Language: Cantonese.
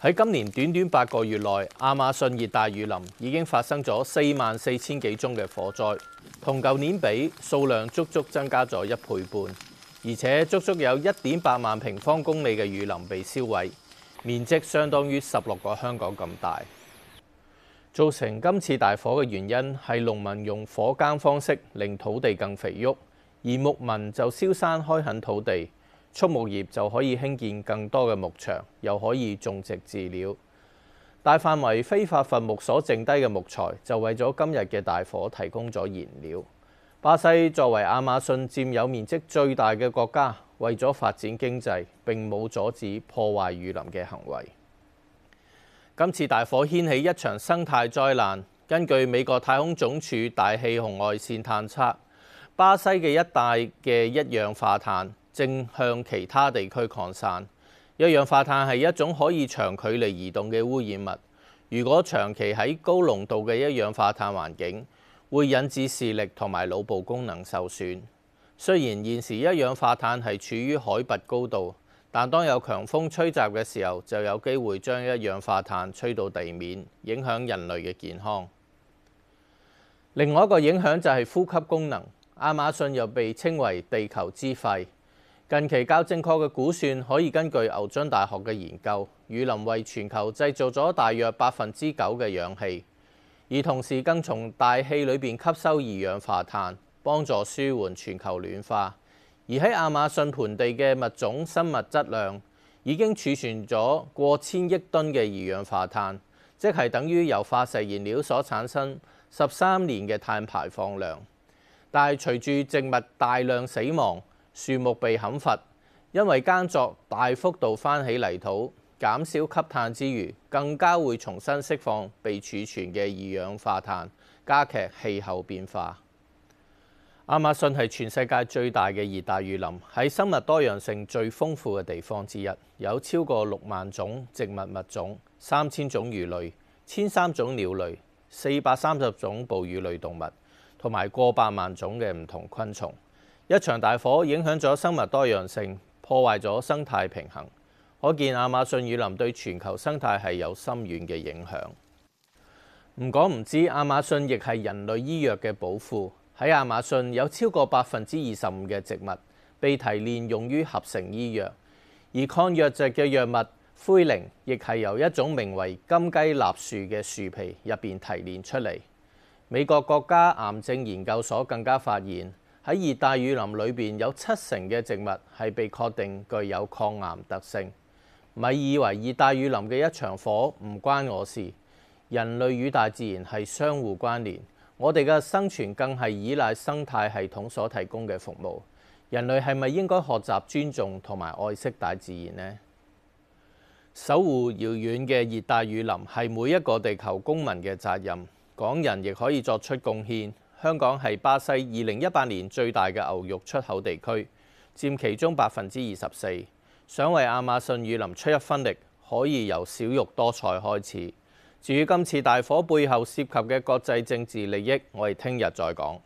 喺今年短短八個月內，亞馬遜熱帶雨林已經發生咗四萬四千幾宗嘅火災，同舊年比數量足足增加咗一倍半，而且足足有一點八萬平方公里嘅雨林被燒毀，面積相當於十六個香港咁大。造成今次大火嘅原因係農民用火耕方式令土地更肥沃，而牧民就燒山開墾土地。畜牧業就可以興建更多嘅牧場，又可以種植飼料。大範圍非法伐木所剩低嘅木材，就為咗今日嘅大火提供咗燃料。巴西作為亞馬遜佔有面積最大嘅國家，為咗發展經濟，並冇阻止破壞雨林嘅行為。今次大火掀起一場生態災難。根據美國太空總署大氣紅外線探測，巴西嘅一帶嘅一氧化碳正向其他地區擴散。一氧化碳係一種可以長距離移動嘅污染物。如果長期喺高濃度嘅一氧化碳環境，會引致視力同埋腦部功能受損。雖然現時一氧化碳係處於海拔高度，但當有強風吹襲嘅時候，就有機會將一氧化碳吹到地面，影響人類嘅健康。另外一個影響就係呼吸功能。亞馬遜又被稱為地球之肺。近期較正確嘅估算，可以根據牛津大學嘅研究，雨林為全球製造咗大約百分之九嘅氧氣，而同時更從大氣裏面吸收二氧化碳，幫助舒緩全球暖化。而喺亞馬遜盆地嘅物種生物質量已經儲存咗過千億噸嘅二氧化碳，即係等於由化石燃料所產生十三年嘅碳排放量。但係隨住植物大量死亡，樹木被砍伐，因為耕作大幅度翻起泥土，減少吸碳之餘，更加會重新釋放被儲存嘅二氧化碳，加劇氣候變化。亞馬遜係全世界最大嘅熱帶雨林，係生物多樣性最豐富嘅地方之一，有超過六萬種植物物種、三千種魚類、千三種鳥類、四百三十種哺乳類動物，同埋過百萬種嘅唔同昆蟲。一場大火影響咗生物多樣性，破壞咗生態平衡，可見亞馬遜雨林對全球生態係有深遠嘅影響。唔講唔知，亞馬遜亦係人類醫藥嘅寶庫。喺亞馬遜有超過百分之二十五嘅植物被提煉用於合成醫藥，而抗瘧疾嘅藥物，藥物奎寧亦係由一種名為金雞納樹嘅樹皮入邊提煉出嚟。美國國家癌症研究所更加發現。喺熱帶雨林裏邊，有七成嘅植物係被確定具有抗癌特性。咪以為熱帶雨林嘅一場火唔關我事，人類與大自然係相互關聯，我哋嘅生存更係依賴生態系統所提供嘅服務。人類係咪應該學習尊重同埋愛惜大自然呢？守護遙遠嘅熱帶雨林係每一個地球公民嘅責任，港人亦可以作出貢獻。香港係巴西二零一八年最大嘅牛肉出口地區，佔其中百分之二十四。想為亞馬遜雨林出一分力，可以由少肉多菜開始。至於今次大火背後涉及嘅國際政治利益，我哋聽日再講。